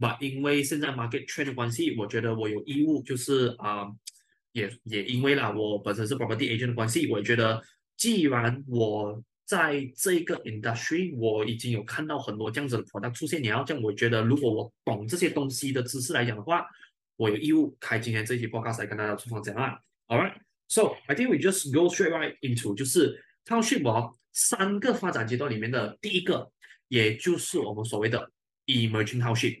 但因為現在 market trend 的關係，我覺得我有義務，就是啊、呃，也也因為啦，我本身是 property agent 的關係，我覺得既然我在這個 industry，我已經有看到很多這樣子的 product 出現了，你要咁樣，我覺得如果我懂這些東西的知識來講的話，我有義務開今天這一期 podcast，來跟大家分享下啦。Alright，so I think we just go straight right into 就是 township 三個發展階段裡面的第一個，也就是我們所謂的 emerging township。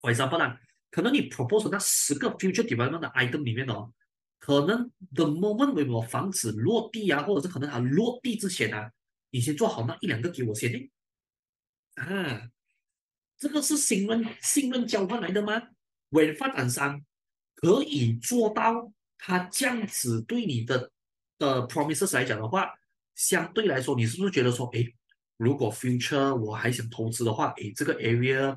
for example 可能你 proposal 那十個 future development 的 item 裏面哦，可能 the moment 我房子落地啊，或者是可能它落地之前啊，你先做好那一兩個給我先，哎，啊，這個，是信任信任交換來的嗎？為發展商可以做到，他這樣子對你的的 promises 來講的話，相對來說你是不是覺得說哎，如果 future 我還想投資的話，哎，這個 area。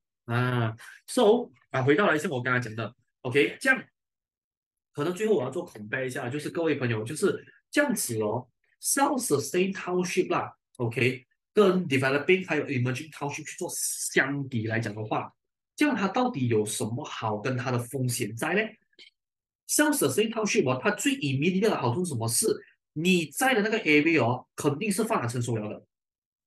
啊，so 啊，回到來，像我剛才講的，OK，這樣，可能最後我要做 compare 一下，就是各位朋友，就是這樣子咯、哦、self-sustain township 啦，OK，跟 developing 還有 emerging township 去做相比來講的話，這樣它到底有什麼好，跟它的風險在呢？self-sustain township、哦、它最 immediate 的好處是什麼事？你在的那個 area 哦，肯定是發展成熟咗的。